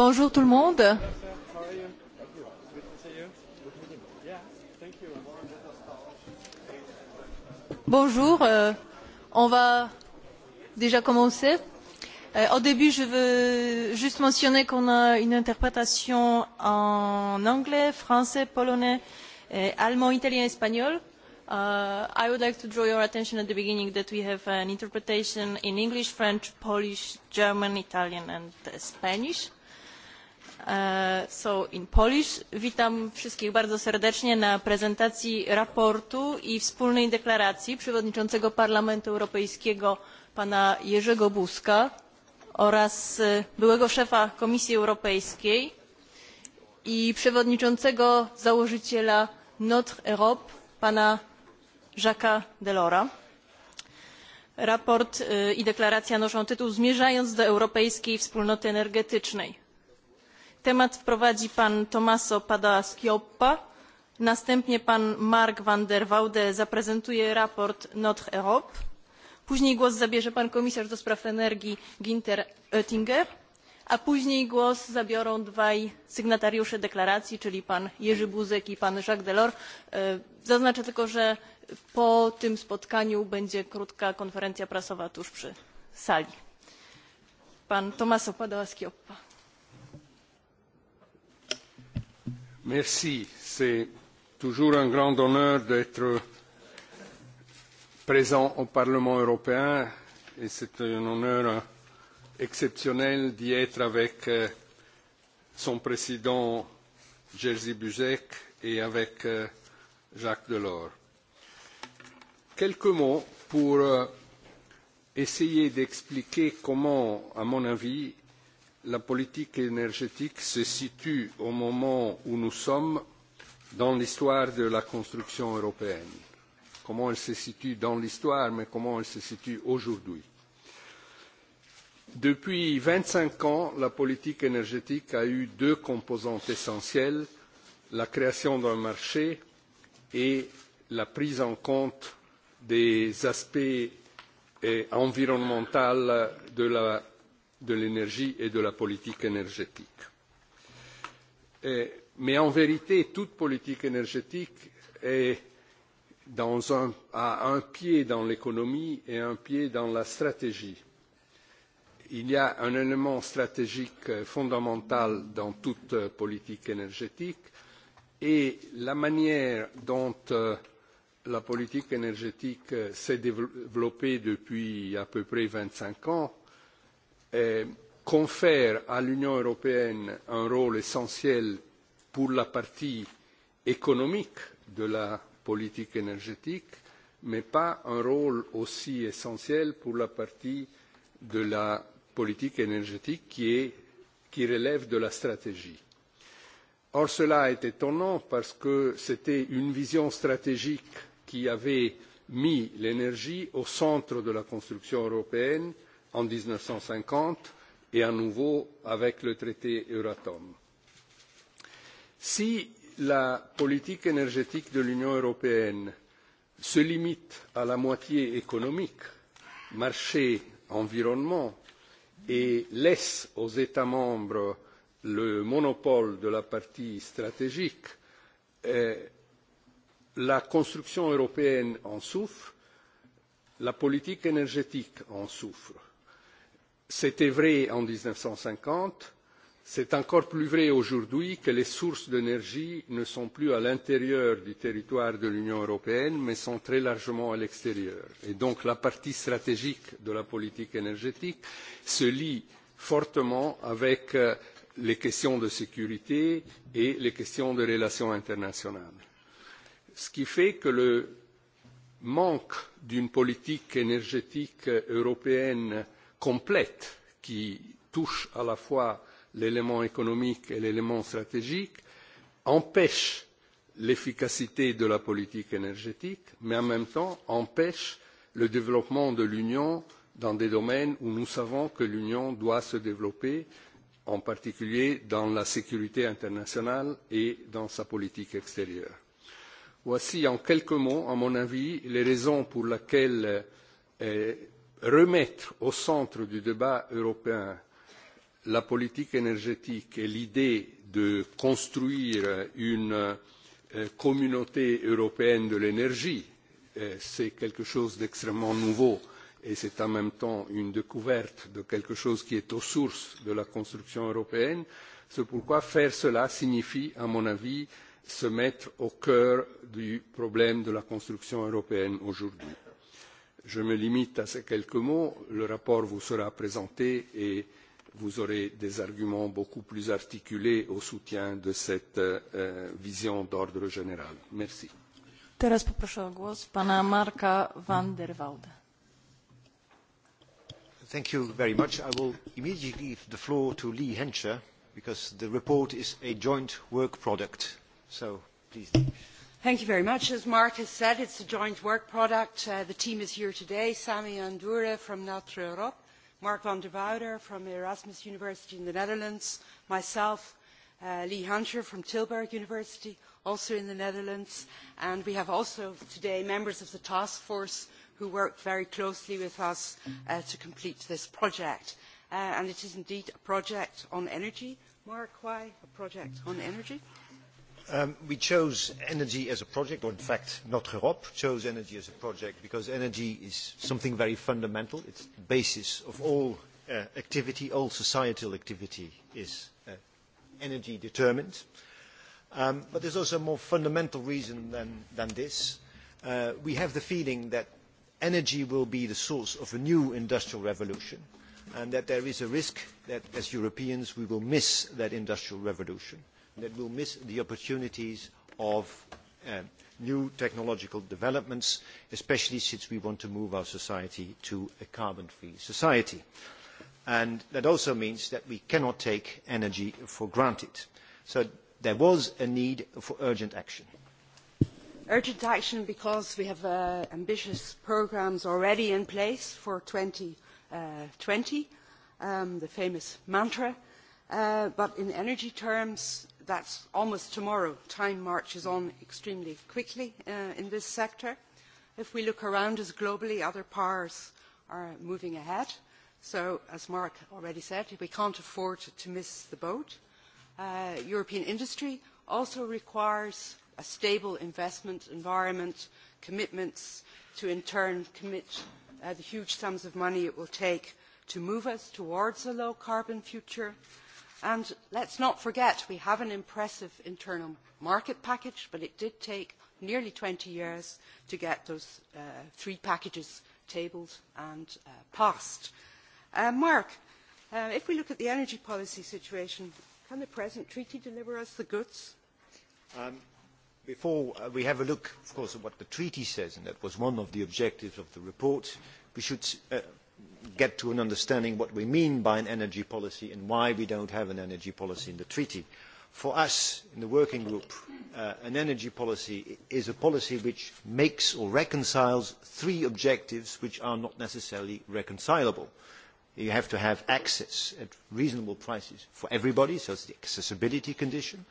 Bonjour tout le monde. Bonjour. On va déjà commencer. Au début, je veux juste mentionner qu'on a une interprétation en anglais, français, polonais, allemand, italien, et espagnol. I would like to draw your attention at the beginning that we have an interpretation in English, French, Polish, German, Italian and Spanish. Witam wszystkich bardzo serdecznie na prezentacji raportu i wspólnej deklaracji przewodniczącego Parlamentu Europejskiego pana Jerzego Buzka oraz byłego szefa Komisji Europejskiej i przewodniczącego założyciela Notre Europe pana Jacques'a Delora. Raport i deklaracja noszą tytuł Zmierzając do europejskiej wspólnoty energetycznej temat wprowadzi pan Tomaso Pada Skiopa, Następnie pan Mark van der Waude zaprezentuje raport Notre Europe. Później głos zabierze pan komisarz do spraw energii Ginter Oettinger, a później głos zabiorą dwaj sygnatariusze deklaracji, czyli pan Jerzy Buzek i pan Jacques Delors. Zaznaczę tylko, że po tym spotkaniu będzie krótka konferencja prasowa tuż przy sali. Pan Tomaso Padoa-Schioppa. Merci. C'est toujours un grand honneur d'être présent au Parlement européen et c'est un honneur exceptionnel d'y être avec son président Jerzy Buzek et avec Jacques Delors. Quelques mots pour essayer d'expliquer comment, à mon avis, la politique énergétique se situe au moment où nous sommes dans l'histoire de la construction européenne. Comment elle se situe dans l'histoire, mais comment elle se situe aujourd'hui. Depuis vingt cinq ans, la politique énergétique a eu deux composantes essentielles la création d'un marché et la prise en compte des aspects environnementaux de la de l'énergie et de la politique énergétique. Mais en vérité, toute politique énergétique est a un pied dans l'économie et un pied dans la stratégie. Il y a un élément stratégique fondamental dans toute politique énergétique et la manière dont la politique énergétique s'est développée depuis à peu près 25 ans confère à l'Union européenne un rôle essentiel pour la partie économique de la politique énergétique, mais pas un rôle aussi essentiel pour la partie de la politique énergétique qui relève de la stratégie. Or cela est étonnant parce que c'était une vision stratégique qui avait mis l'énergie au centre de la construction européenne en mille neuf cent cinquante et à nouveau avec le traité euratom. si la politique énergétique de l'union européenne se limite à la moitié économique marché environnement et laisse aux états membres le monopole de la partie stratégique la construction européenne en souffre la politique énergétique en souffre C'était vrai en 1950, c'est encore plus vrai aujourd'hui que les sources d'énergie ne sont plus à l'intérieur du territoire de l'Union européenne, mais sont très largement à l'extérieur. Et donc la partie stratégique de la politique énergétique se lie fortement avec les questions de sécurité et les questions de relations internationales. Ce qui fait que le manque d'une politique énergétique européenne complète qui touche à la fois l'élément économique et l'élément stratégique empêche l'efficacité de la politique énergétique mais en même temps empêche le développement de l'union dans des domaines où nous savons que l'union doit se développer en particulier dans la sécurité internationale et dans sa politique extérieure. voici en quelques mots à mon avis les raisons pour lesquelles remettre au centre du débat européen la politique énergétique et l'idée de construire une communauté européenne de l'énergie, c'est quelque chose d'extrêmement nouveau et c'est en même temps une découverte de quelque chose qui est aux sources de la construction européenne. C'est pourquoi faire cela signifie, à mon avis, se mettre au cœur du problème de la construction européenne aujourd'hui. Je me limite à ces quelques mots. Le rapport vous sera présenté et vous aurez des arguments beaucoup plus articulés au soutien de cette vision d'ordre général. Merci. Thank you very much. I will immediately give the floor to Lee Henscher because the report is a joint work product. So please. Thank you very much. As Mark has said, it's a joint work product. The team is here today. Sami Andure from Notre Europe, Mark van der Wouder from Erasmus University in the Netherlands, myself, Lee Hunter from Tilburg University, also in the Netherlands, and we have also today members of the task force who work very closely with us to complete this project. And it is indeed a project on energy. Mark, why a project on energy? We chose energy as a project, or in fact, not Europe chose energy as a project because energy is something very fundamental. It's the basis of all activity, all societal activity is energy determined. But there's also a more fundamental reason than this. We have the feeling that energy will be the source of a new industrial revolution and that there is a risk that as Europeans we will miss that industrial revolution that will miss the opportunities of new technological developments, especially since we want to move our society to a carbon-free society. And that also means that we cannot take energy for granted. So there was a need for urgent action. Urgent action because we have ambitious programmes already in place for 2020, the famous mantra. But in energy terms, that's almost tomorrow. Time marches on extremely quickly in this sector. If we look around us globally, other powers are moving ahead. So, as Mark already said, we can't afford to miss the boat. European industry also requires a stable investment environment, commitments to in turn commit the huge sums of money it will take to move us towards a low-carbon future And let's not forget, we have an impressive internal market package, but it did take nearly 20 years to get those three packages tabled and passed. Mark, if we look at the energy policy situation, can the present treaty deliver us the goods? Before we have a look, of course, at what the treaty says, and that was one of the objectives of the report, we should get to an understanding what we mean by an energy policy and why we don't have an energy policy in the treaty. For us, in the working group, an energy policy is a policy which makes or reconciles three objectives which are not necessarily reconcilable. You have to have access at reasonable prices for everybody, so it's the accessibility condition.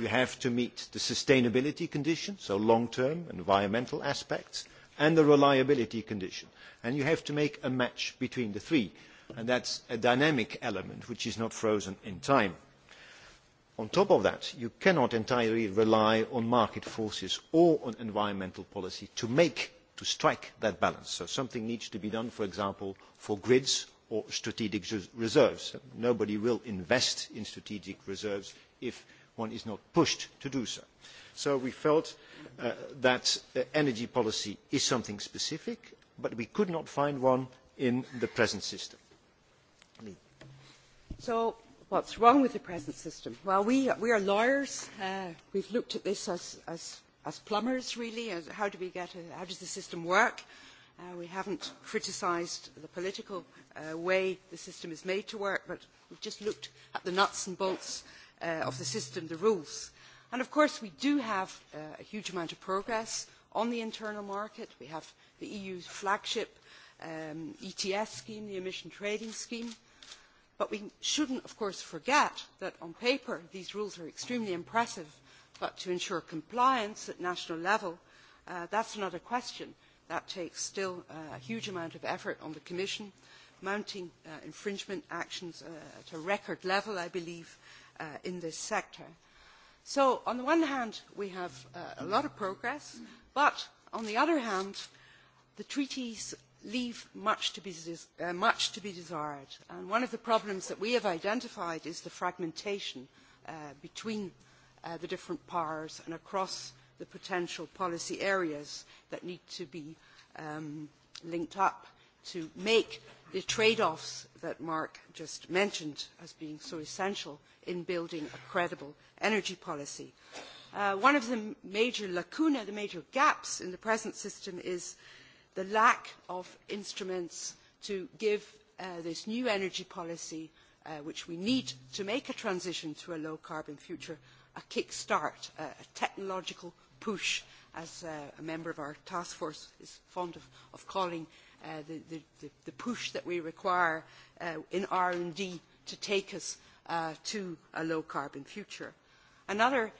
You have to meet the sustainability condition, so long-term environmental aspects and the reliability condition. And you have to make a match between the three. And that is a dynamic element which is not frozen in time. On top of that, you cannot entirely rely on market forces or on environmental policy to make, to strike that balance. So something needs to be done, for example, for grids or strategic reserves. Nobody will invest in strategic reserves if one is not pushed to do so. So we felt that energy policy is something specific, but we could not find one in the present system. So what's wrong with the present system? Well, we are lawyers. We've looked at this as plumbers, really. How do we get? How does the system work? We haven't criticised the political way the system is made to work, but we've just looked at the nuts and bolts of the system, the rules. And of course we do have a huge amount of progress on the internal market. We have the EU's flagship ETS scheme, the emission trading scheme. But we shouldn't, of course, forget that on paper these rules are extremely impressive, but to ensure compliance at national level, that's another question. That takes still a huge amount of effort on the Commission, mounting infringement actions at a record level, I believe, in this sector. So on the one hand, we have a lot of progress, but on the other hand, the treaties leave much to be desired. And one of the problems that we have identified is the fragmentation between the different powers and across the potential policy areas that need to be linked up to make the trade-offs that Mark just mentioned as being so essential in building a credible energy policy. One of the major lacuna, the major gaps in the present system is the lack of instruments to give this new energy policy, which we need to make a transition to a low-carbon future, a kick-start, a technological push, as a member of our task force is fond of calling the push that we require in R&D to take us to a low-carbon future. Another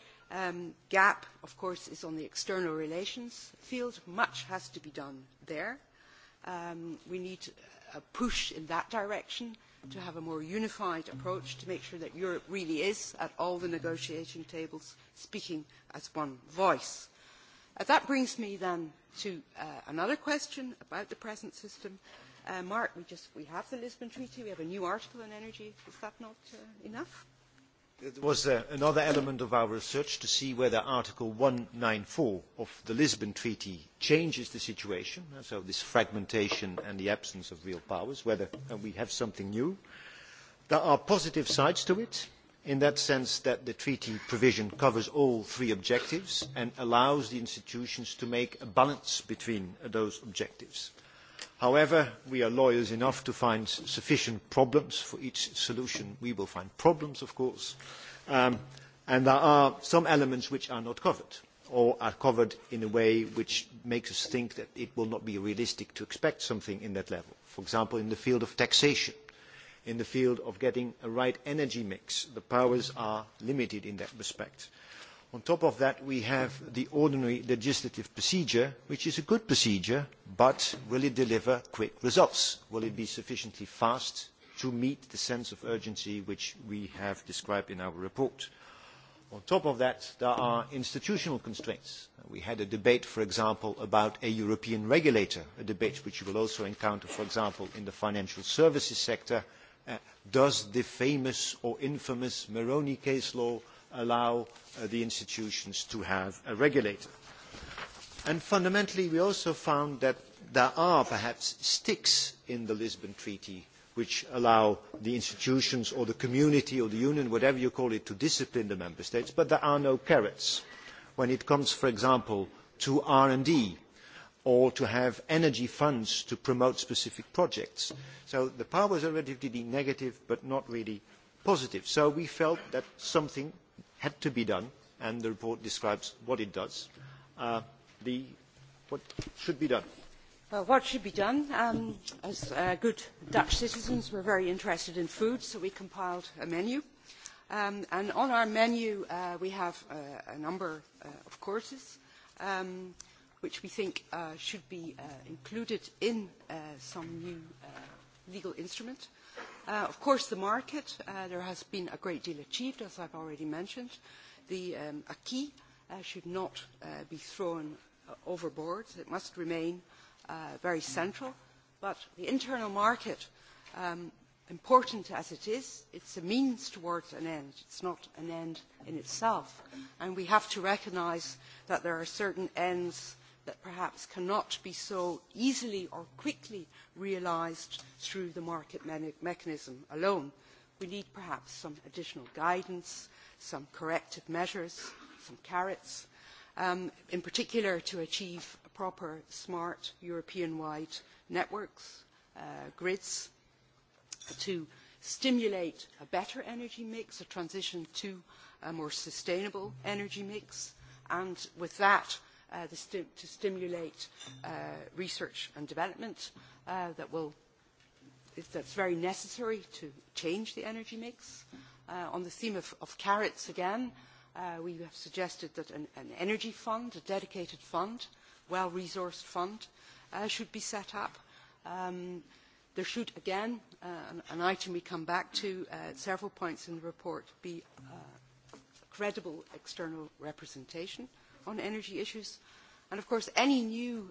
gap, of course, is on the external relations field. Much has to be done there. We need a push in that direction to have a more unified approach to make sure that Europe really is, at all the negotiating tables, speaking as one voice. That brings me then to another question about the present system. Mark, we just we have the Lisbon Treaty, we have a new article on energy. Is that not enough? It was another element of our research to see whether Article 194 of the Lisbon Treaty changes the situation, so this fragmentation and the absence of real powers, whether we have something new. There are positive sides to it in that sense that the treaty provision covers all three objectives and allows the institutions to make a balance between those objectives. However, we are lawyers enough to find sufficient problems for each solution. We will find problems, of course, and there are some elements which are not covered or are covered in a way which makes us think that it will not be realistic to expect something in that level. For example, in the field of taxation in the field of getting a right energy mix. The powers are limited in that respect. On top of that, we have the ordinary legislative procedure, which is a good procedure, but will it deliver quick results? Will it be sufficiently fast to meet the sense of urgency which we have described in our report? On top of that, there are institutional constraints. We had a debate, for example, about a European regulator, a debate which you will also encounter, for example, in the financial services sector Does the famous or infamous Moroni case law allow the institutions to have a regulator? And fundamentally, we also found that there are perhaps sticks in the Lisbon Treaty which allow the institutions or the community or the union, whatever you call it, to discipline the member states, but there are no carrots. When it comes, for example, to R&D or to have energy funds to promote specific projects. So the power was relatively negative but not really positive. So we felt that something had to be done and the report describes what it does. What should be done? Well, What should be done? As good Dutch citizens were very interested in food so we compiled a menu. And on our menu we have a number of courses which we think should be included in some new legal instrument. Of course, the market. There has been a great deal achieved, as I've already mentioned. The acquis should not be thrown overboard. It must remain very central. But the internal market, important as it is, it's a means towards an end. It's not an end in itself. And we have to recognise that there are certain ends that perhaps cannot be so easily or quickly realised through the market mechanism alone. We need perhaps some additional guidance, some corrective measures, some carrots, in particular to achieve proper, smart, European-wide networks, grids, to stimulate a better energy mix, a transition to a more sustainable energy mix, and with that to stimulate research and development that will that's very necessary to change the energy mix. On the theme of carrots again, we have suggested that an energy fund, a dedicated fund, well-resourced fund, should be set up. There should, again, an item we come back to at several points in the report, be credible external representation on energy issues. And, of course, any new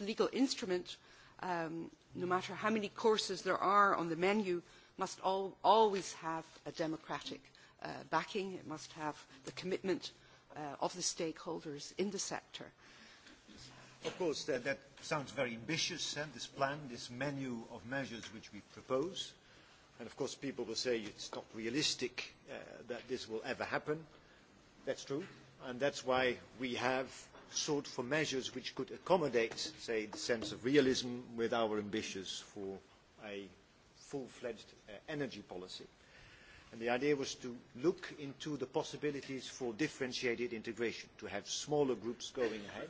legal instrument, no matter how many courses there are on the menu, must always have a democratic backing. It must have the commitment of the stakeholders in the sector. Of course, that sounds very ambitious, this plan, this menu of measures which we propose. And, of course, people will say it's not realistic that this will ever happen. That's true and that's why we have sought for measures which could accommodate, say, the sense of realism with our ambitions for a full-fledged energy policy. And the idea was to look into the possibilities for differentiated integration, to have smaller groups going ahead.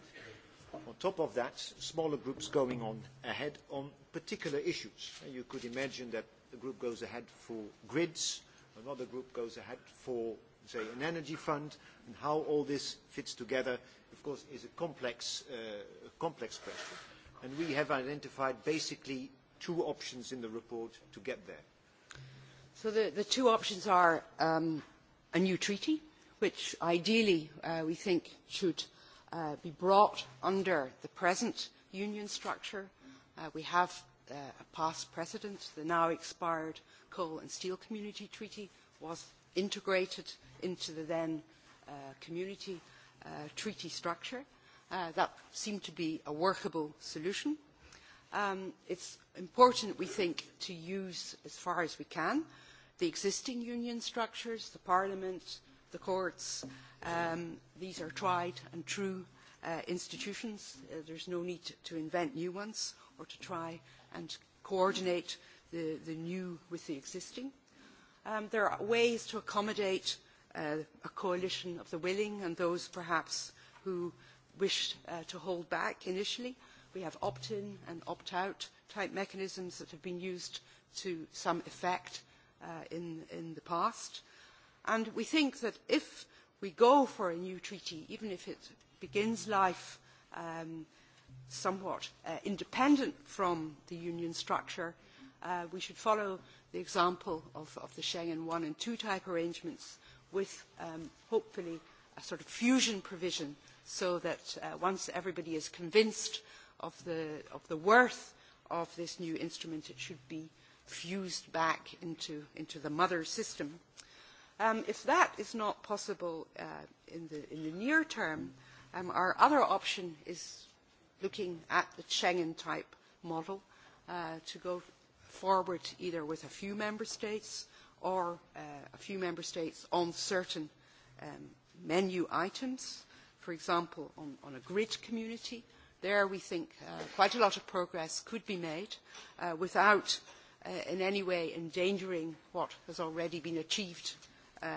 On top of that, smaller groups going on ahead on particular issues. You could imagine that a group goes ahead for grids, another group goes ahead for say, an energy fund, and how all this fits together, of course, is a complex question. And we have identified basically two options in the report to get there. So the two options are a new treaty, which ideally we think should be brought under the present union structure. We have a past precedent. The now expired Coal and Steel Community Treaty was integrated into the then community treaty structure. That seemed to be a workable solution. It's important, we think, to use, as far as we can, the existing union structures, the parliament, the courts. These are tried and true institutions. There's no need to invent new ones or to try and coordinate the new with the existing. There are ways to accommodate a coalition of the willing and those perhaps who wished to hold back initially. We have opt-in and opt-out type mechanisms that have been used to some effect in the past. And we think that if we go for a new treaty, even if it begins life somewhat independent from the union structure, we should follow the example of the Schengen one and II type arrangements with hopefully a sort of fusion provision so that once everybody is convinced of the worth of this new instrument, it should be fused back into the mother system. If that is not possible in the near term, our other option is looking at the Schengen-type model to go forward either with a few member states or a few member states on certain menu items, for example, on a grid community. There we think quite a lot of progress could be made without in any way endangering what has already been achieved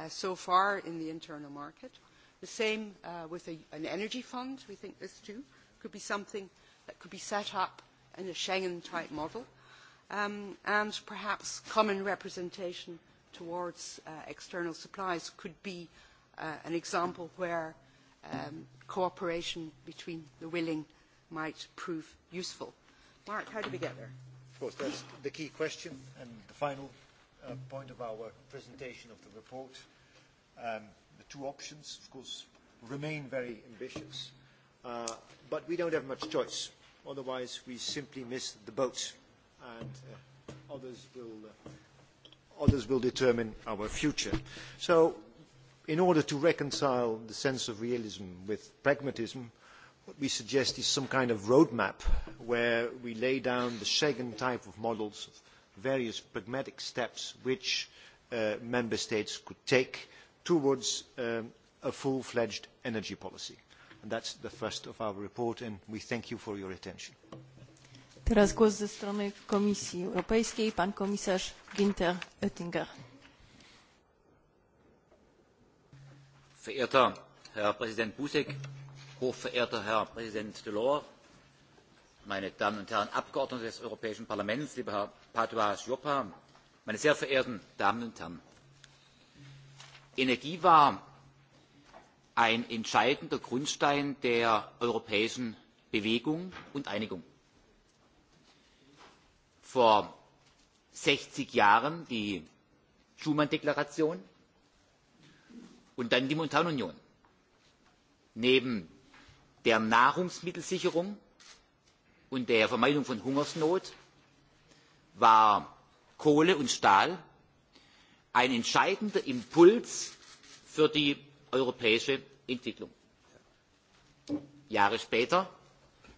so far in the internal market. The same with an energy fund. We think this too could be something that could be set up in a Schengen-type model. And perhaps common representation towards external supplies could be an example where cooperation between the willing might prove useful. Mark, how do we get there? Of course, that's the key question and the final point of our presentation of the report. The two options, of course, remain very ambitious, but we don't have much choice. Otherwise, we simply miss the boat, and others will others will determine our future. So in order to reconcile the sense of realism with pragmatism, what we suggest is some kind of roadmap where we lay down the Schengen type of models, of various pragmatic steps which member states could take towards a full-fledged energy policy. And that's the first of our report, and we thank you for your attention. Teraz ze strony Komisji Europejskiej, pan komisarz Günther Oettinger. Verehrter Herr Präsident Busek, hochverehrter Herr Präsident Delors, meine Damen und Herren Abgeordnete des Europäischen Parlaments, lieber Herr Patois Joppa, meine sehr verehrten Damen und Herren. Energie war ein entscheidender Grundstein der europäischen Bewegung und Einigung vor 60 Jahren die schuman deklaration und dann die Montanunion. Neben der Nahrungsmittelsicherung und der Vermeidung von Hungersnot war Kohle und Stahl ein entscheidender Impuls für die europäische Entwicklung. Jahre später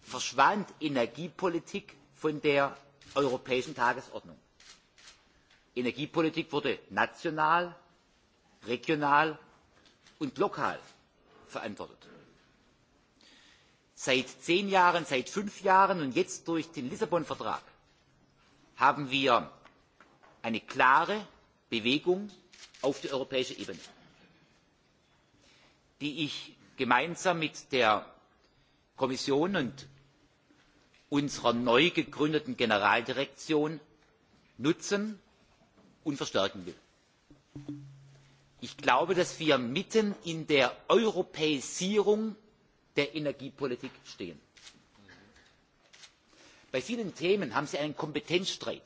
verschwand Energiepolitik von der europäischen Tagesordnung. Energiepolitik wurde national, regional und lokal verantwortet. Seit zehn Jahren, seit fünf Jahren und jetzt durch den Lissabon-Vertrag haben wir eine klare Bewegung auf die europäische Ebene, die ich gemeinsam mit der Kommission und unserer neu gegründeten generaldirektion nutzen und verstärken will. ich glaube dass wir mitten in der europäisierung der energiepolitik stehen. bei vielen themen haben sie einen kompetenzstreit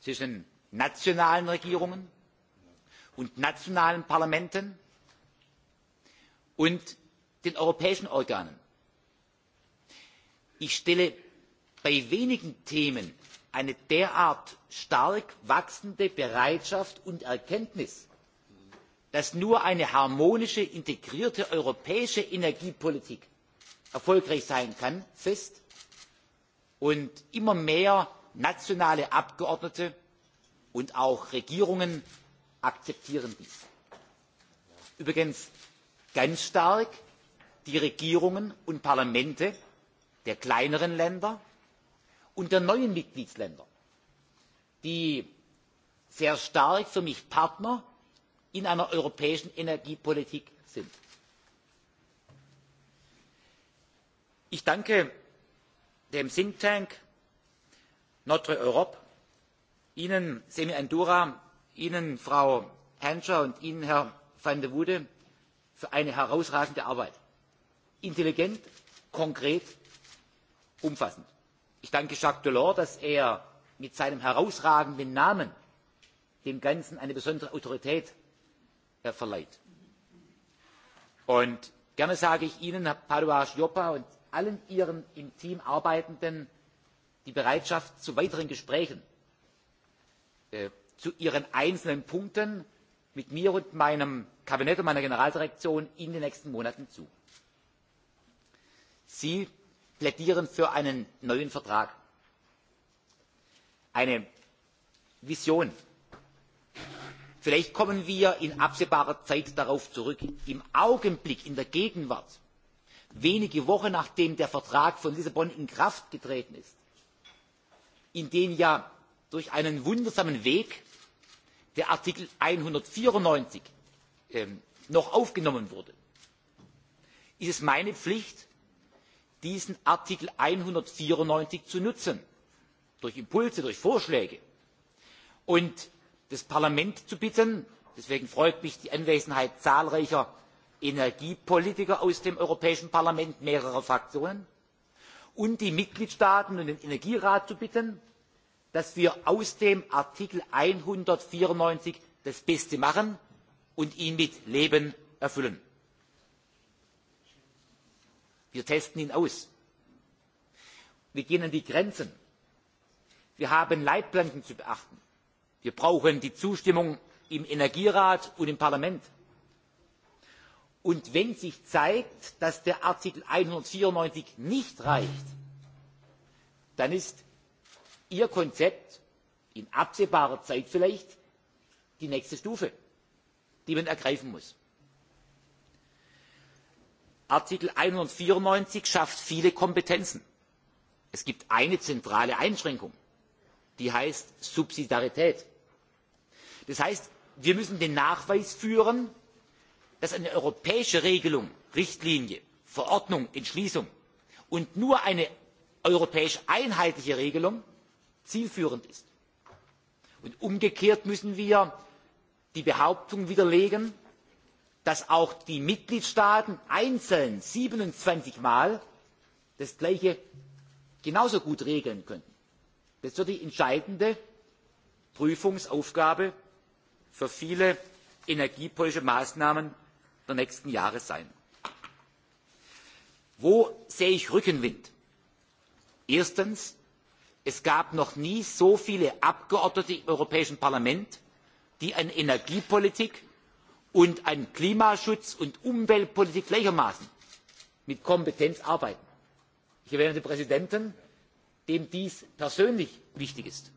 zwischen nationalen regierungen und nationalen parlamenten und den europäischen organen. ich stelle bei wenigen themen eine derart stark wachsende bereitschaft und erkenntnis dass nur eine harmonische integrierte europäische energiepolitik erfolgreich sein kann fest und immer mehr nationale abgeordnete und auch regierungen akzeptieren dies. übrigens ganz stark die regierungen und parlamente der kleineren länder und der neuen Mitgliedstaaten, die sehr stark für mich Partner in einer europäischen Energiepolitik sind. Ich danke dem Think Tank Notre Europe, Ihnen, Semi Andura, Ihnen, Frau Hancher und Ihnen, Herr van de Wude, für eine herausragende Arbeit. Intelligent, konkret, umfassend. Ich danke Jacques Delors, dass er mit seinem herausragenden Namen dem Ganzen eine besondere Autorität verleiht. Und gerne sage ich Ihnen, Herr Paduas Joppa und allen Ihren im Team Arbeitenden die Bereitschaft zu weiteren Gesprächen zu Ihren einzelnen Punkten mit mir und meinem Kabinett und meiner Generaldirektion in den nächsten Monaten zu. Sie plädieren für einen neuen vertrag eine vision. vielleicht kommen wir in absehbarer zeit darauf zurück. im augenblick in der gegenwart wenige wochen nachdem der vertrag von lissabon in kraft getreten ist in dem ja durch einen wundersamen weg der artikel einhundertvierundneunzig noch aufgenommen wurde ist es meine pflicht diesen artikel einhundertvierundneunzig zu nutzen durch impulse durch vorschläge und das parlament zu bitten deswegen freut mich die anwesenheit zahlreicher energiepolitiker aus dem europäischen parlament mehrerer fraktionen und die mitgliedstaaten und den energierat zu bitten dass wir aus dem artikel einhundertvierundneunzig das beste machen und ihn mit leben erfüllen. Wir testen ihn aus. Wir gehen an die Grenzen. Wir haben Leitplanken zu beachten. Wir brauchen die Zustimmung im Energierat und im Parlament. Und wenn sich zeigt, dass der Artikel 194 nicht reicht, dann ist Ihr Konzept in absehbarer Zeit vielleicht die nächste Stufe, die man ergreifen muss. Artikel 194 schafft viele Kompetenzen. Es gibt eine zentrale Einschränkung, die heißt Subsidiarität. Das heißt, wir müssen den Nachweis führen, dass eine europäische Regelung, Richtlinie, Verordnung, Entschließung und nur eine europäisch einheitliche Regelung zielführend ist. Und umgekehrt müssen wir die Behauptung widerlegen, dass auch die Mitgliedstaaten einzeln 27 Mal das Gleiche genauso gut regeln könnten. Das wird die entscheidende Prüfungsaufgabe für viele energiepolitische Maßnahmen der nächsten Jahre sein. Wo sehe ich Rückenwind? Erstens Es gab noch nie so viele Abgeordnete im Europäischen Parlament, die an Energiepolitik und an Klimaschutz und Umweltpolitik gleichermaßen mit Kompetenz arbeiten. Ich erwähne den Präsidenten, dem dies persönlich wichtig ist.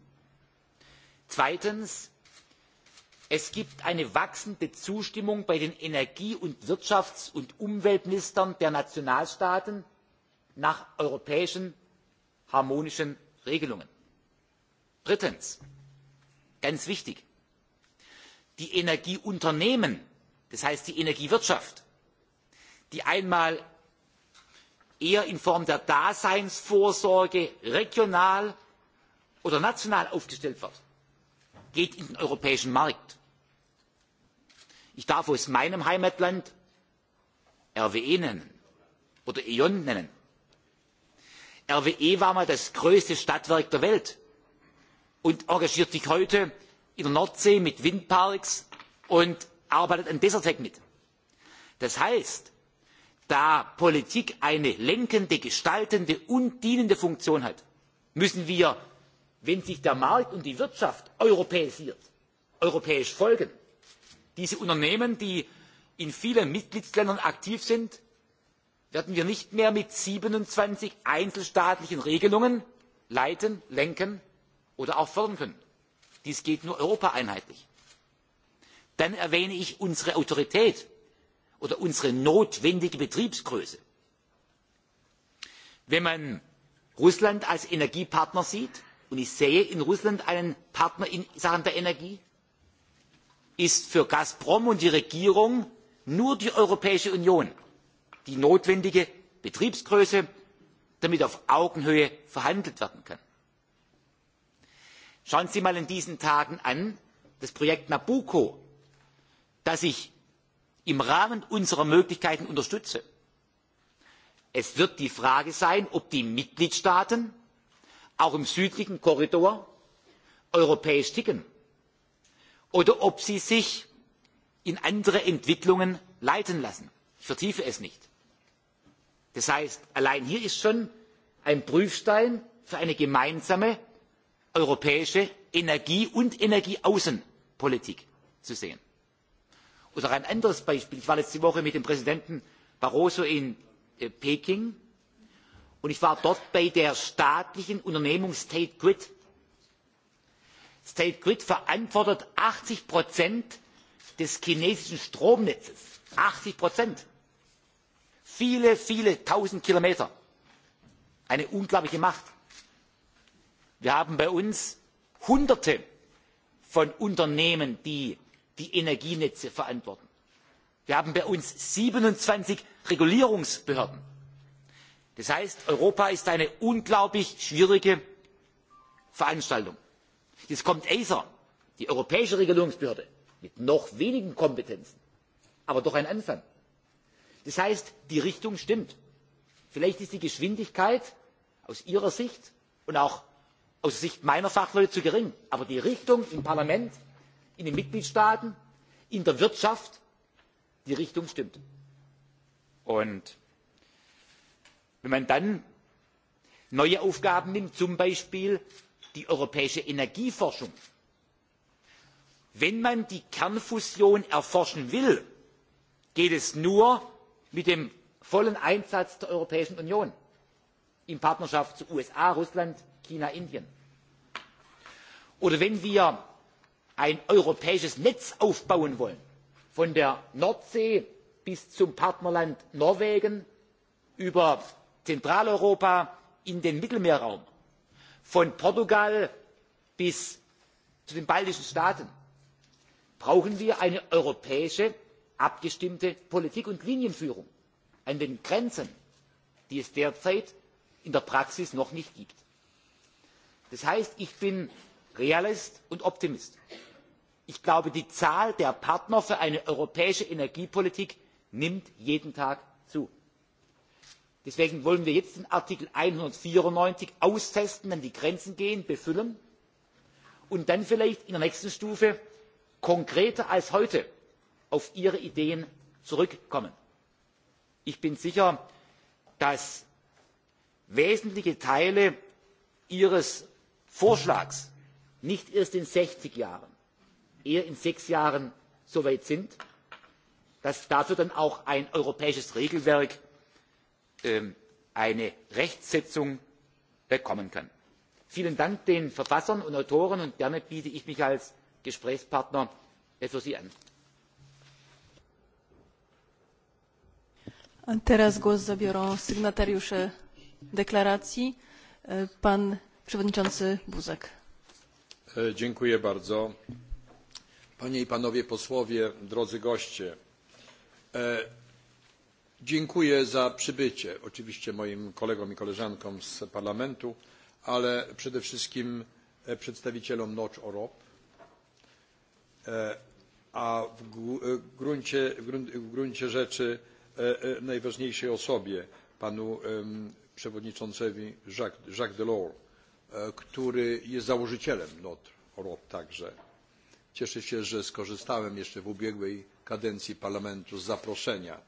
Zweitens Es gibt eine wachsende Zustimmung bei den Energie und Wirtschafts und Umweltministern der Nationalstaaten nach europäischen harmonischen Regelungen. Drittens Ganz wichtig die Energieunternehmen, das heißt die Energiewirtschaft, die einmal eher in Form der Daseinsvorsorge regional oder national aufgestellt wird, geht in den europäischen Markt. Ich darf aus meinem Heimatland RWE nennen oder E.ON nennen. RWE war mal das größte Stadtwerk der Welt und engagiert sich heute in der Nordsee mit Windparks und arbeitet an Desertec mit. Das heißt, da Politik eine lenkende, gestaltende und dienende Funktion hat, müssen wir, wenn sich der Markt und die Wirtschaft europäisiert, europäisch folgen. Diese Unternehmen, die in vielen Mitgliedstaaten aktiv sind, werden wir nicht mehr mit 27 einzelstaatlichen Regelungen leiten, lenken oder auch fördern können. Dies geht nur einheitlich. Dann erwähne ich unsere Autorität oder unsere notwendige Betriebsgröße. Wenn man Russland als Energiepartner sieht, und ich sehe in Russland einen Partner in Sachen der Energie, ist für Gazprom und die Regierung nur die Europäische Union die notwendige Betriebsgröße, damit auf Augenhöhe verhandelt werden schauen sie mal in diesen tagen an das projekt nabucco das ich im rahmen unserer möglichkeiten unterstütze. es wird die frage sein ob die mitgliedstaaten auch im südlichen korridor europäisch ticken oder ob sie sich in andere entwicklungen leiten lassen. ich vertiefe es nicht. das heißt allein hier ist schon ein prüfstein für eine gemeinsame europäische Energie- und Energieaußenpolitik zu sehen. Oder ein anderes Beispiel. Ich war letzte Woche mit dem Präsidenten Barroso in Peking und ich war dort bei der staatlichen Unternehmung State Grid. State Grid verantwortet 80 des chinesischen Stromnetzes. 80 Viele, viele tausend Kilometer. Eine unglaubliche Macht wir haben bei uns hunderte von unternehmen die die energienetze verantworten. wir haben bei uns siebenundzwanzig regulierungsbehörden. das heißt europa ist eine unglaublich schwierige veranstaltung. jetzt kommt acer die europäische regulierungsbehörde mit noch wenigen kompetenzen aber doch ein anfang. das heißt die richtung stimmt. vielleicht ist die geschwindigkeit aus ihrer sicht und aus sicht meiner fachleute zu gering aber die richtung im parlament in den mitgliedstaaten in der wirtschaft die richtung stimmt. und wenn man dann neue aufgaben nimmt zum beispiel die europäische energieforschung wenn man die kernfusion erforschen will geht es nur mit dem vollen einsatz der europäischen union in partnerschaft zu usa russland china Indien oder wenn wir ein europäisches netz aufbauen wollen von der nordsee bis zum partnerland norwegen über zentraleuropa in den mittelmeerraum von portugal bis zu den baltischen staaten brauchen wir eine europäische abgestimmte politik und linienführung an den grenzen die es derzeit in der praxis noch nicht gibt. das heißt ich bin realist und optimist. ich glaube die zahl der partner für eine europäische energiepolitik nimmt jeden tag zu. deswegen wollen wir jetzt den artikel 194 austesten an die grenzen gehen befüllen und dann vielleicht in der nächsten stufe konkreter als heute auf ihre ideen zurückkommen. ich bin sicher dass wesentliche teile ihres vorschlags nicht erst in 60 Jahren, eher in sechs Jahren so weit sind, dass dafür dann auch ein europäisches Regelwerk eine Rechtsetzung bekommen kann. Vielen Dank den Verfassern und Autoren und gerne biete ich mich als Gesprächspartner für Sie an. Teraz Dziękuję bardzo. Panie i panowie posłowie, drodzy goście. Dziękuję za przybycie oczywiście moim kolegom i koleżankom z parlamentu, ale przede wszystkim przedstawicielom Notch Europe, a w gruncie rzeczy najważniejszej osobie, panu przewodniczącemu Jacques Delors który jest założycielem NOT Europe także. Cieszę się, że skorzystałem jeszcze w ubiegłej kadencji Parlamentu z zaproszenia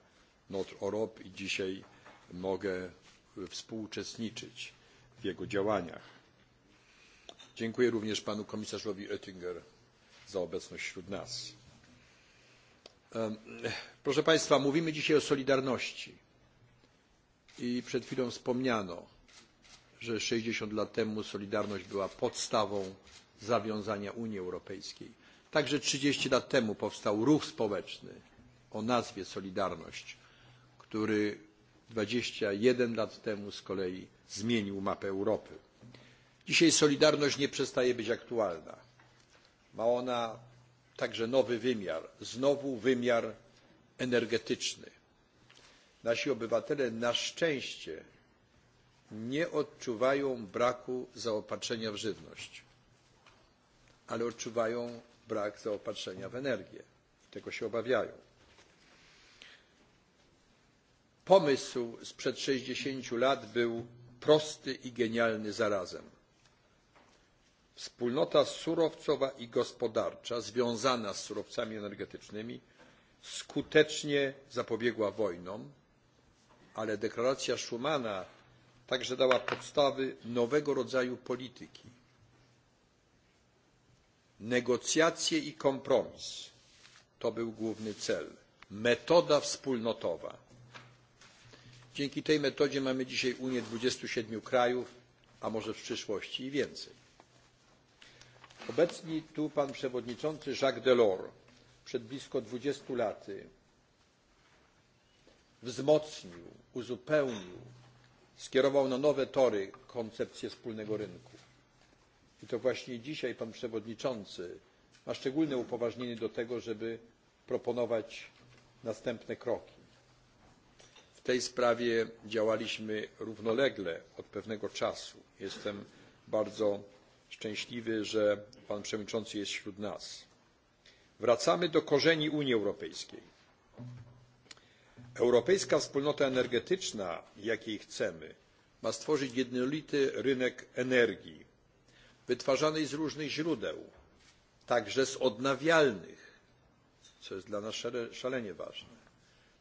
NOT Europe i dzisiaj mogę współuczestniczyć w jego działaniach. Dziękuję również panu komisarzowi Oettinger za obecność wśród nas. Proszę Państwa, mówimy dzisiaj o solidarności i przed chwilą wspomniano że 60 lat temu Solidarność była podstawą zawiązania Unii Europejskiej. Także 30 lat temu powstał ruch społeczny o nazwie Solidarność, który 21 lat temu z kolei zmienił mapę Europy. Dzisiaj Solidarność nie przestaje być aktualna. Ma ona także nowy wymiar, znowu wymiar energetyczny. Nasi obywatele na szczęście nie odczuwają braku zaopatrzenia w żywność, ale odczuwają brak zaopatrzenia w energię. Tego się obawiają. Pomysł sprzed 60 lat był prosty i genialny zarazem. Wspólnota surowcowa i gospodarcza związana z surowcami energetycznymi skutecznie zapobiegła wojnom, ale deklaracja Schumana także dała podstawy nowego rodzaju polityki negocjacje i kompromis to był główny cel metoda wspólnotowa dzięki tej metodzie mamy dzisiaj unię 27 krajów a może w przyszłości i więcej obecni tu pan przewodniczący Jacques Delors przed blisko 20 laty wzmocnił uzupełnił skierował na nowe tory koncepcję wspólnego rynku. I to właśnie dzisiaj pan przewodniczący ma szczególne upoważnienie do tego, żeby proponować następne kroki. W tej sprawie działaliśmy równolegle od pewnego czasu. Jestem bardzo szczęśliwy, że pan przewodniczący jest wśród nas. Wracamy do korzeni Unii Europejskiej Europejska wspólnota energetyczna, jakiej chcemy, ma stworzyć jednolity rynek energii wytwarzanej z różnych źródeł, także z odnawialnych, co jest dla nas szalenie ważne.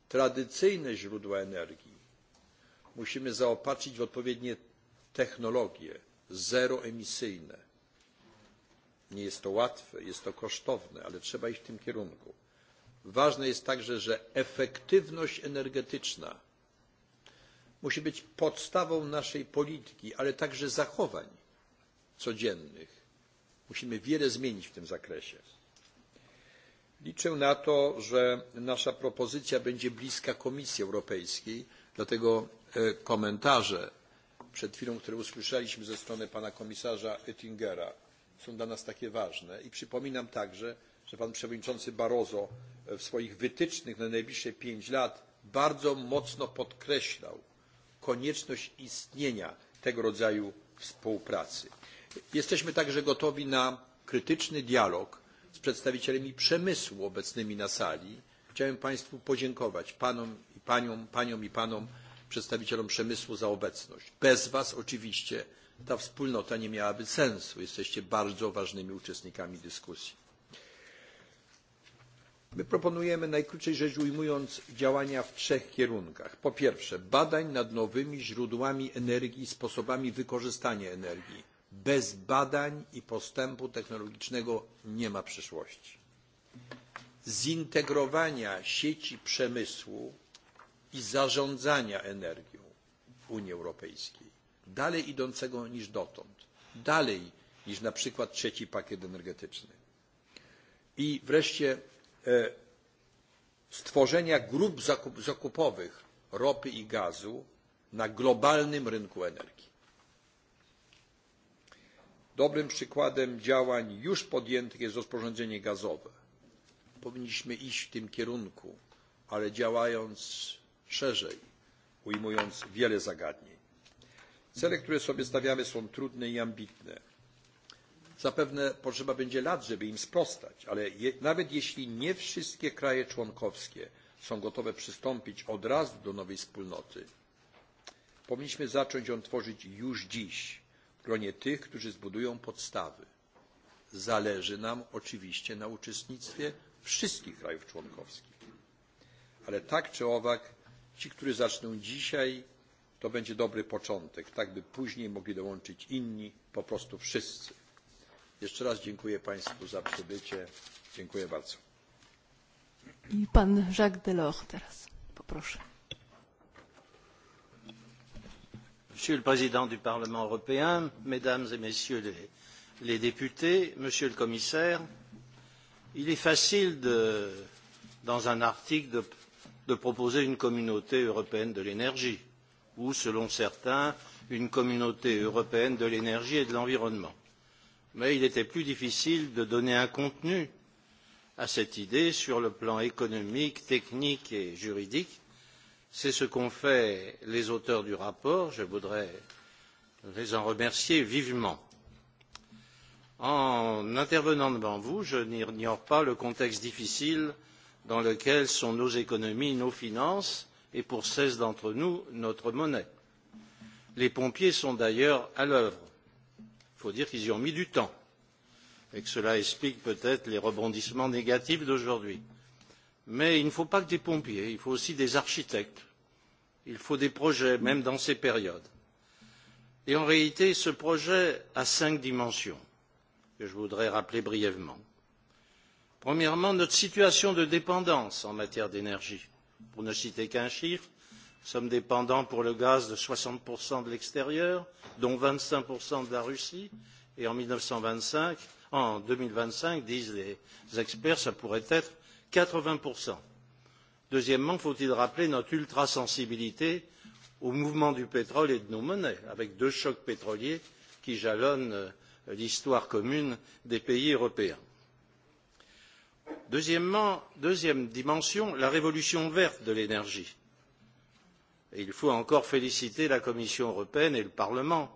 Tradycyjne źródła energii musimy zaopatrzyć w odpowiednie technologie zeroemisyjne. Nie jest to łatwe, jest to kosztowne, ale trzeba iść w tym kierunku. Ważne jest także, że efektywność energetyczna musi być podstawą naszej polityki, ale także zachowań codziennych. Musimy wiele zmienić w tym zakresie. Liczę na to, że nasza propozycja będzie bliska Komisji Europejskiej, dlatego komentarze przed chwilą, które usłyszeliśmy ze strony pana komisarza Oettingera są dla nas takie ważne i przypominam także, że pan przewodniczący Barroso w swoich wytycznych na najbliższe pięć lat bardzo mocno podkreślał konieczność istnienia tego rodzaju współpracy. Jesteśmy także gotowi na krytyczny dialog z przedstawicielami przemysłu obecnymi na sali. Chciałem Państwu podziękować, paniom i panom przedstawicielom przemysłu za obecność. Bez Was oczywiście ta wspólnota nie miałaby sensu. Jesteście bardzo ważnymi uczestnikami dyskusji. My proponujemy, najkrócej rzecz ujmując, działania w trzech kierunkach. Po pierwsze, badań nad nowymi źródłami energii i sposobami wykorzystania energii. Bez badań i postępu technologicznego nie ma przyszłości. Zintegrowania sieci przemysłu i zarządzania energią w Unii Europejskiej. Dalej idącego niż dotąd. Dalej niż na przykład trzeci pakiet energetyczny. I wreszcie stworzenia grup zakupowych ropy i gazu na globalnym rynku energii. Dobrym przykładem działań już podjętych jest rozporządzenie gazowe. Powinniśmy iść w tym kierunku, ale działając szerzej, ujmując wiele zagadnień. Cele, które sobie stawiamy są trudne i ambitne Zapewne potrzeba będzie lat, żeby im sprostać, ale nawet jeśli nie wszystkie kraje członkowskie są gotowe przystąpić od razu do nowej wspólnoty, powinniśmy zacząć ją tworzyć już dziś w gronie tych, którzy zbudują podstawy. Zależy nam oczywiście na uczestnictwie wszystkich krajów członkowskich. Ale tak czy owak, ci, którzy zaczną dzisiaj, to będzie dobry początek, tak by później mogli dołączyć inni, po prostu wszyscy. Jeszcze raz dziękuję Państwu za przybycie. Dziękuję bardzo. I pan Jacques Delors teraz. Poproszę. Monsieur le Président du Parlement européen, Mesdames et Messieurs les députés, Monsieur le Commissaire, il est facile, dans un article, de proposer une communauté européenne de l'énergie, ou, selon certains, une communauté européenne de l'énergie et de l'environnement mais il était plus difficile de donner un contenu à cette idée sur le plan économique, technique et juridique. C'est ce qu'ont fait les auteurs du rapport. Je voudrais les en remercier vivement. En intervenant devant vous, je n'ignore pas le contexte difficile dans lequel sont nos économies, nos finances et, pour seize d'entre nous, notre monnaie. Les pompiers sont d'ailleurs à l'œuvre Il faut dire qu'ils y ont mis du temps et que cela explique peut être les rebondissements négatifs d'aujourd'hui. Mais il ne faut pas que des pompiers, il faut aussi des architectes, il faut des projets, même dans ces périodes. Et en réalité, ce projet a cinq dimensions que je voudrais rappeler brièvement. Premièrement, notre situation de dépendance en matière d'énergie, pour ne citer qu'un chiffre Nous sommes dépendants pour le gaz de soixante de l'extérieur, dont vingt cinq de la Russie. Et en 1925, en cinq, disent les experts, ça pourrait être quatre 80%. Deuxièmement, faut-il rappeler notre ultrasensibilité au mouvement du pétrole et de nos monnaies, avec deux chocs pétroliers qui jalonnent l'histoire commune des pays européens. Deuxièmement, deuxième dimension, la révolution verte de l'énergie il faut encore féliciter la commission européenne et le parlement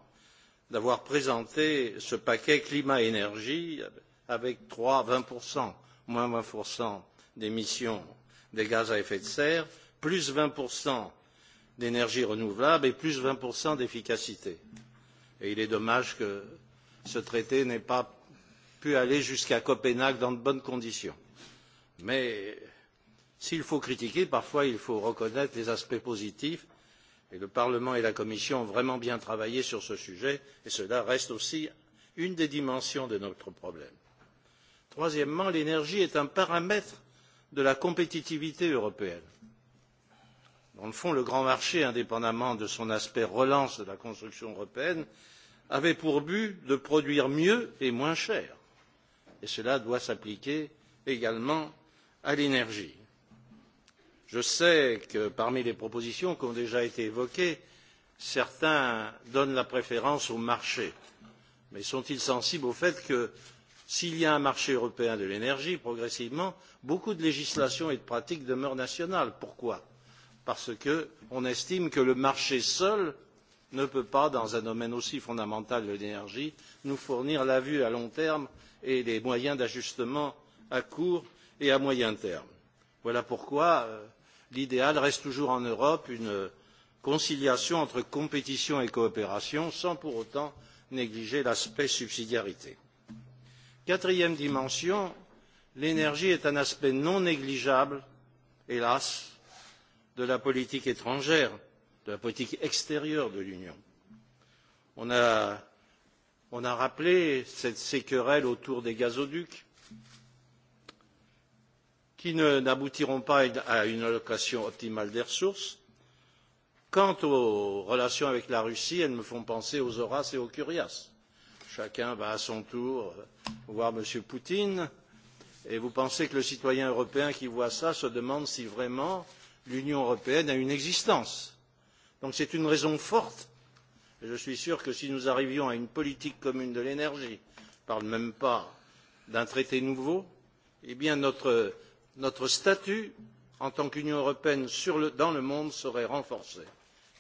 d'avoir présenté ce paquet climat énergie avec trois vingt moins vingt d'émissions de gaz à effet de serre plus vingt d'énergie renouvelables et plus vingt d'efficacité. il est dommage que ce traité n'ait pas pu aller jusqu'à copenhague dans de bonnes conditions mais S'il faut critiquer, parfois il faut reconnaître les aspects positifs et le Parlement et la Commission ont vraiment bien travaillé sur ce sujet et cela reste aussi une des dimensions de notre problème. Troisièmement, l'énergie est un paramètre de la compétitivité européenne. Dans le fond, le grand marché, indépendamment de son aspect relance de la construction européenne, avait pour but de produire mieux et moins cher, et cela doit s'appliquer également à l'énergie je sais que parmi les propositions qui ont déjà été évoquées certains donnent la préférence au marché mais sont ils sensibles au fait que s'il y a un marché européen de l'énergie progressivement beaucoup de législations et de pratiques demeurent nationales? pourquoi? parce qu'on estime que le marché seul ne peut pas dans un domaine aussi fondamental de l'énergie nous fournir la vue à long terme et les moyens d'ajustement à court et à moyen terme. voilà pourquoi l'idéal reste toujours en Europe une conciliation entre compétition et coopération, sans pour autant négliger l'aspect subsidiarité. Quatrième dimension, l'énergie est un aspect non négligeable, hélas, de la politique étrangère, de la politique extérieure de l'Union. On a rappelé ces querelles autour des gazoducs qui n'aboutiront pas à une allocation optimale des ressources. Quant aux relations avec la Russie, elles me font penser aux Horaces et aux Curias. Chacun va à son tour voir M. Poutine, et vous pensez que le citoyen européen qui voit ça se demande si vraiment l'Union européenne a une existence. Donc c'est une raison forte, et je suis sûr que si nous arrivions à une politique commune de l'énergie, je ne parle même pas d'un traité nouveau, eh bien notre notre statut en tant qu'union européenne dans le monde serait renforcé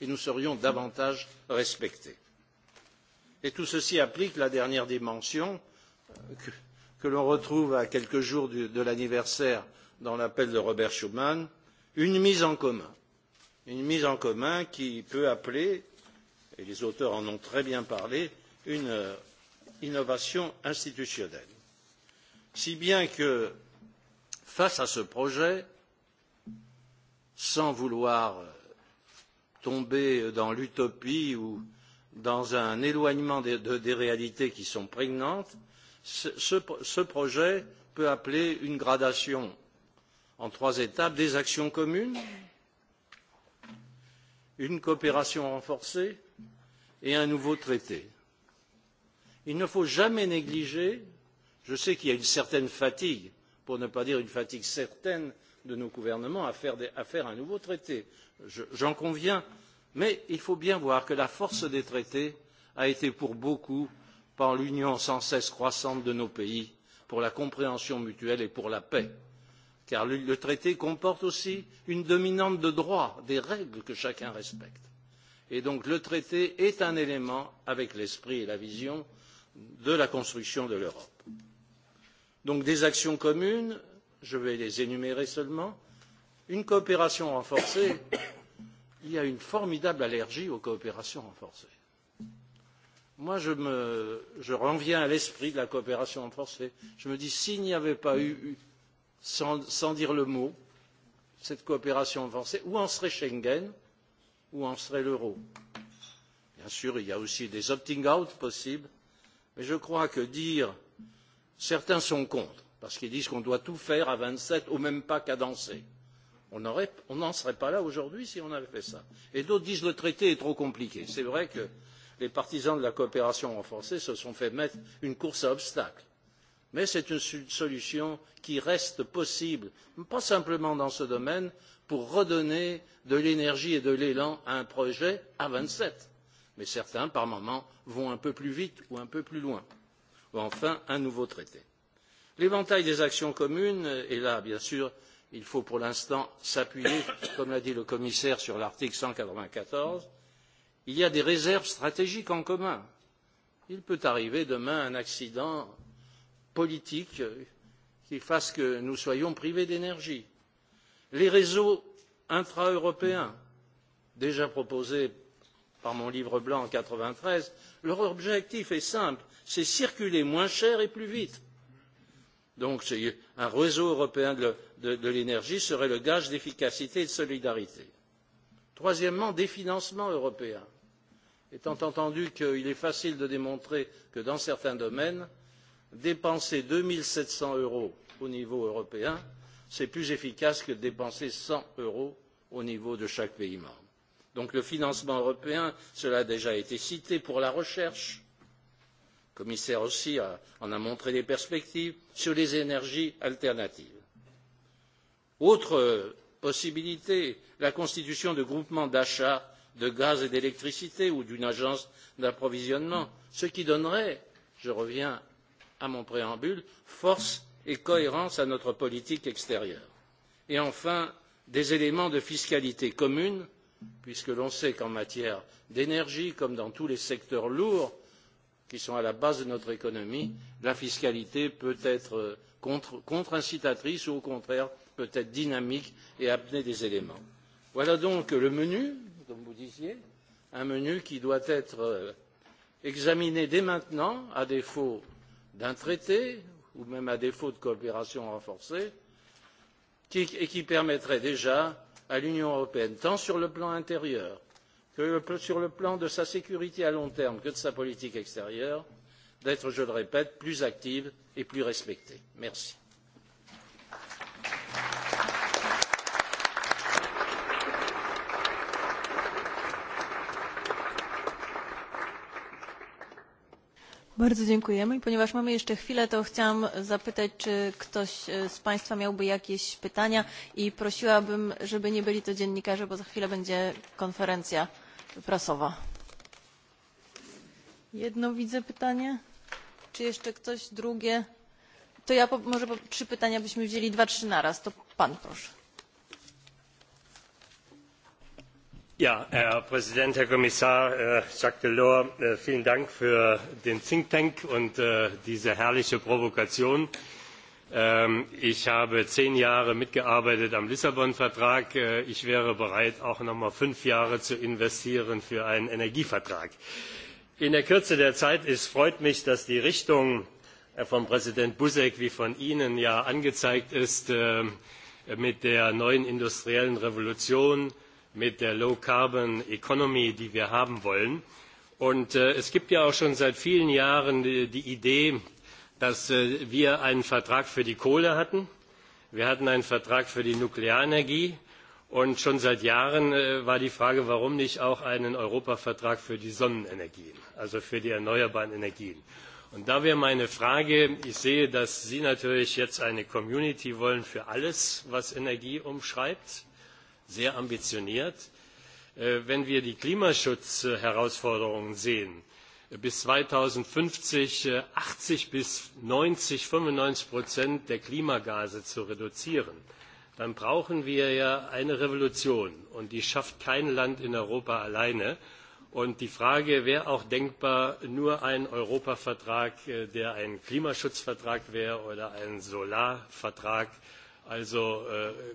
et nous serions davantage respectés. et tout ceci applique la dernière dimension que l'on retrouve à quelques jours de l'anniversaire dans l'appel de robert schuman une mise en commun une mise en commun qui peut appeler et les auteurs en ont très bien parlé une innovation institutionnelle si bien que face à ce projet, sans vouloir tomber dans l'utopie ou dans un éloignement des réalités qui sont prégnantes, ce projet peut appeler une gradation en trois étapes des actions communes, une coopération renforcée et un nouveau traité. Il ne faut jamais négliger je sais qu'il y a une certaine fatigue pour ne pas dire une fatigue certaine de nos gouvernements à faire un nouveau traité j'en conviens mais il faut bien voir que la force des traités a été pour beaucoup par l'union sans cesse croissante de nos pays pour la compréhension mutuelle et pour la paix car le traité comporte aussi une dominante de droit des règles que chacun respecte et donc le traité est un élément avec l'esprit et la vision de la construction de l'europe. Donc des actions communes, je vais les énumérer seulement, une coopération renforcée, il y a une formidable allergie aux coopérations renforcées. Moi, je reviens à l'esprit de la coopération renforcée. Je me dis, s'il n'y avait pas eu, sans dire le mot, cette coopération renforcée, où en serait Schengen, où en serait l'euro Bien sûr, il y a aussi des opting-out possibles, mais je crois que dire Certains sont contre, parce qu'ils disent qu'on doit tout faire à vingt sept au même pas qu'à danser. On n'en serait pas là aujourd'hui si on avait fait ça. Et d'autres disent que le traité est trop compliqué. C'est vrai que les partisans de la coopération renforcée se sont fait mettre une course à obstacles. Mais c'est une solution qui reste possible, pas simplement dans ce domaine, pour redonner de l'énergie et de l'élan à un projet à vingt sept, Mais certains, par moments, vont un peu plus vite ou un peu plus loin ou enfin un nouveau traité. l'éventail des actions communes et là bien sûr il faut pour l'instant s'appuyer comme l'a dit le commissaire sur l'article cent quatre vingt quatorze il y a des réserves stratégiques en commun. il peut arriver demain un accident politique qui fasse que nous soyons privés d'énergie. les réseaux intra européens déjà proposés par mon livre blanc en 1993, quatre vingt treize leur objectif est simple c'est circuler moins cher et plus vite. donc un réseau européen de l'énergie serait le gage d'efficacité et de solidarité. troisièmement des financements européens étant entendu qu'il est facile de démontrer que dans certains domaines dépenser deux sept euros au niveau européen c'est plus efficace que dépenser 100 euros au niveau de chaque pays donc le financement européen cela a déjà été cité pour la recherche le commissaire aussi en a montré des perspectives sur les énergies alternatives. autre possibilité la constitution de groupements d'achat de gaz et d'électricité ou d'une agence d'approvisionnement ce qui donnerait je reviens à mon préambule force et cohérence à notre politique extérieure. et enfin des éléments de fiscalité commune puisque l'on sait qu'en matière d'énergie comme dans tous les secteurs lourds qui sont à la base de notre économie la fiscalité peut être contre incitatrice ou au contraire peut être dynamique et amener des éléments. voilà donc le menu comme vous disiez un menu qui doit être examiné dès maintenant à défaut d'un traité ou même à défaut de coopération renforcée et qui permettrait déjà à l'Union européenne, tant sur le plan intérieur que sur le plan de sa sécurité à long terme que de sa politique extérieure, d'être, je le répète, plus active et plus respectée. Merci. Bardzo dziękujemy. Ponieważ mamy jeszcze chwilę, to chciałam zapytać, czy ktoś z Państwa miałby jakieś pytania i prosiłabym, żeby nie byli to dziennikarze, bo za chwilę będzie konferencja prasowa. Jedno widzę pytanie. Czy jeszcze ktoś drugie? To ja może trzy pytania byśmy wzięli, dwa, trzy naraz. To Pan proszę. herr präsident herr kommissar jacques delors! vielen dank für den think tank und diese herrliche provokation. ich habe zehn jahre mitgearbeitet am lissabon vertrag ich wäre bereit auch noch mal fünf jahre zu investieren für einen energievertrag. in der kürze der zeit freut mich dass die richtung von präsident buzek wie von ihnen ja angezeigt ist mit der neuen industriellen revolution mit der Low Carbon Economy, die wir haben wollen. Und es gibt ja auch schon seit vielen Jahren die Idee, dass wir einen Vertrag für die Kohle hatten, wir hatten einen Vertrag für die Nuklearenergie, und schon seit Jahren war die Frage, warum nicht auch einen Europavertrag für die Sonnenenergien, also für die erneuerbaren Energien. Und da wäre meine Frage, ich sehe, dass Sie natürlich jetzt eine Community wollen für alles, was Energie umschreibt sehr ambitioniert. Wenn wir die Klimaschutzherausforderungen sehen, bis 2050 80 bis 90, 95 der Klimagase zu reduzieren, dann brauchen wir ja eine Revolution. Und die schafft kein Land in Europa alleine. Und die Frage wäre auch denkbar, nur ein Europavertrag, der ein Klimaschutzvertrag wäre oder ein Solarvertrag also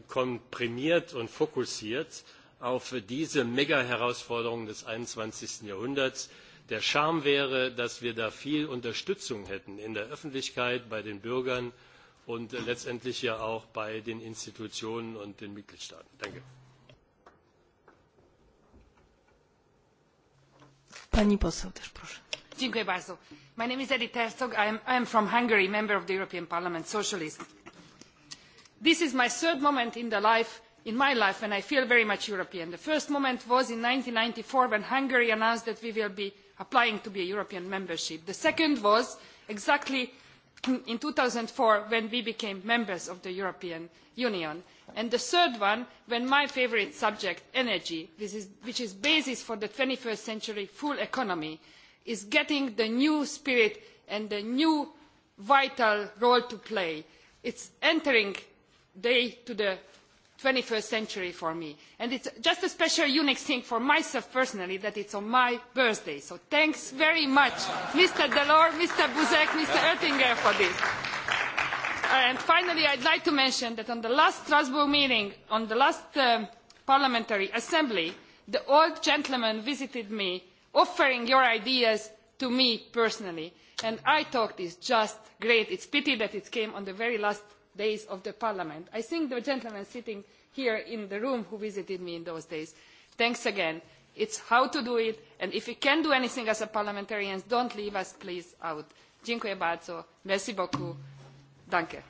komprimiert und fokussiert auf diese mega herausforderung des. einundzwanzig jahrhunderts. der charme wäre dass wir da viel unterstützung hätten in der öffentlichkeit bei den bürgern und letztendlich ja auch bei den institutionen und den mitgliedstaaten. danke. my name is edit herzog i am from hungary member of the european parliament socialist This is my third moment in my life when I feel very much European. The first moment was in 1994 when Hungary announced that we will be applying to be a European membership. The second was exactly in 2004 when we became members of the European Union. And the third one, when my favourite subject, energy, which is the basis for the twenty first century full economy, is getting the new spirit and the new vital role to play. It's entering day to the 21st century for me. And it's just a special unique thing for myself personally that it's on my birthday. So thanks very much, Mr. Delors, Mr. Buzek, Mr. Oettinger for this. And finally, I'd like to mention that on the last Strasbourg meeting, on the last parliamentary assembly, the old gentleman visited me, offering your ideas to me personally. And I thought it's just great. It's pity that it came on the very last days of the Parliament. I think the gentleman sitting here in the room who visited me in those days. Thanks again. It's how to do it, and if we can do anything as parliamentarians, don't leave us, please, out. Dziękuję bardzo. Merci beaucoup. Danke.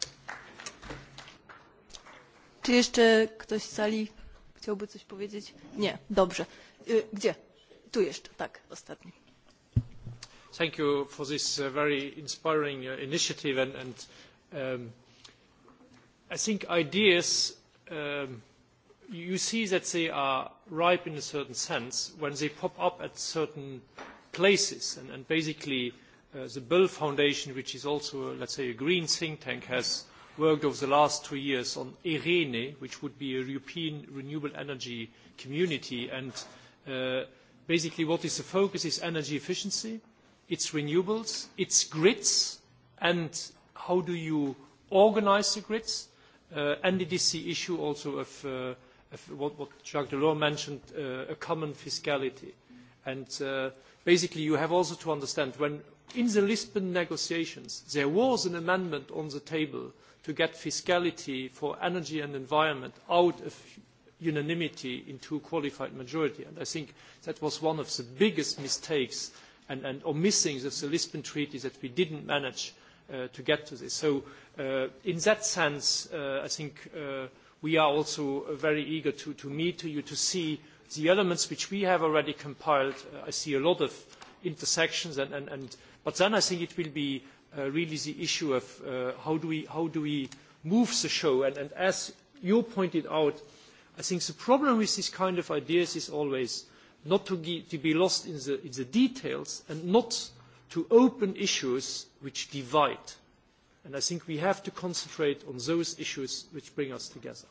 Czy jeszcze ktoś z sali chciałby coś powiedzieć? Nie. Dobrze. Gdzie? Tu jeszcze. Tak, ostatni. Thank you for this very inspiring initiative and I think ideas, you see that they are ripe in a certain sense when they pop up at certain places. And basically, the Bill Foundation, which is also, let's say, a green think tank, has worked over the last two years on Irene, which would be a European renewable energy community. And basically, what is the focus is energy efficiency, its renewables, its grids, and how do you organize the grids and NDDC issue also of what Jacques Delors mentioned, a common fiscality. And basically you have also to understand when in the Lisbon negotiations there was an amendment on the table to get fiscality for energy and environment out of unanimity into a qualified majority. And I think that was one of the biggest mistakes and or of the Lisbon Treaty that we didn't manage to get to this. So in that sense, I think we are also very eager to meet you, to see the elements which we have already compiled. I see a lot of intersections, but then I think it will be really the issue of how do we move the show. And as you pointed out, I think the problem with these kind of ideas is always not to be lost in the details and not to open issues which divide. And I think we have to concentrate on those issues which bring us together.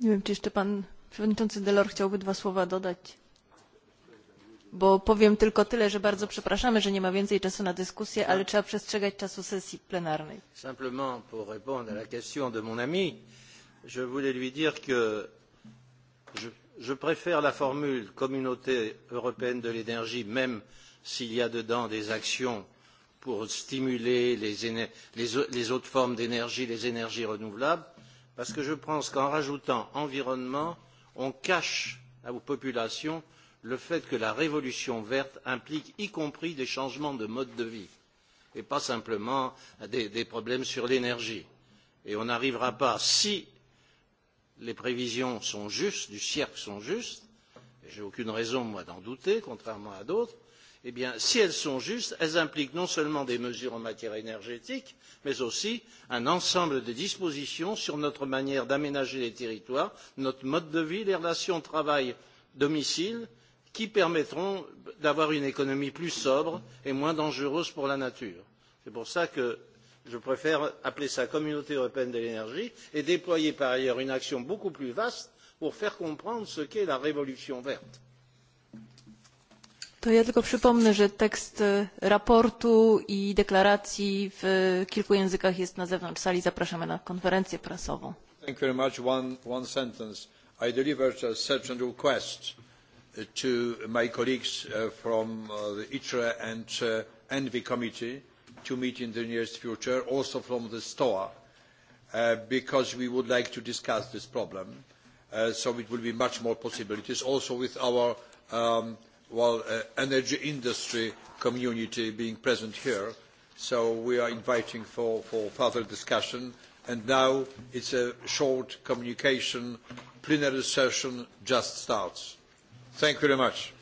Nie wiem, czy jeszcze pan przewodniczący Delor chciałby dwa słowa dodać. Bo powiem tylko tyle, że bardzo przepraszamy, że nie ma więcej czasu na dyskusję, ale trzeba przestrzegać czasu sesji plenarnej. Simplement pour répondre à la question de mon ami, je voulais lui dire que je préfère la formule communauté européenne de l'énergie même s'il y a dedans des actions pour stimuler les autres formes d'énergie les énergies renouvelables parce que je pense qu'en rajoutant environnement on cache à vos populations le fait que la révolution verte implique y compris des changements de mode de vie et pas simplement des problèmes sur l'énergie et on n'arrivera pas si les prévisions sont justes, du cirque sont justes, et j'ai aucune raison, moi, d'en douter, contrairement à d'autres, eh bien, si elles sont justes, elles impliquent non seulement des mesures en matière énergétique, mais aussi un ensemble de dispositions sur notre manière d'aménager les territoires, notre mode de vie, les relations travail-domicile, qui permettront d'avoir une économie plus sobre et moins dangereuse pour la nature. C'est pour ça que je préfère appeler cela communauté européenne de l'énergie et déployer par ailleurs une action beaucoup plus vaste pour faire comprendre ce qu'est la révolution verte. To ja tylko przypomnę, że tekst raportu i deklaracji w kilku językach jest na zewnątrz sali. Zapraszamy na konferencję prasową. Thank you very much. One, one sentence. I delivered a certain request to my colleagues from the ITRE and ENVI committee to meet in the nearest future, also from the STOA, because we would like to discuss this problem. So it will be much more possibilities, also with our energy industry community being present here. So we are inviting for further discussion. And now it's a short communication. Plenary session just starts. Thank you very much.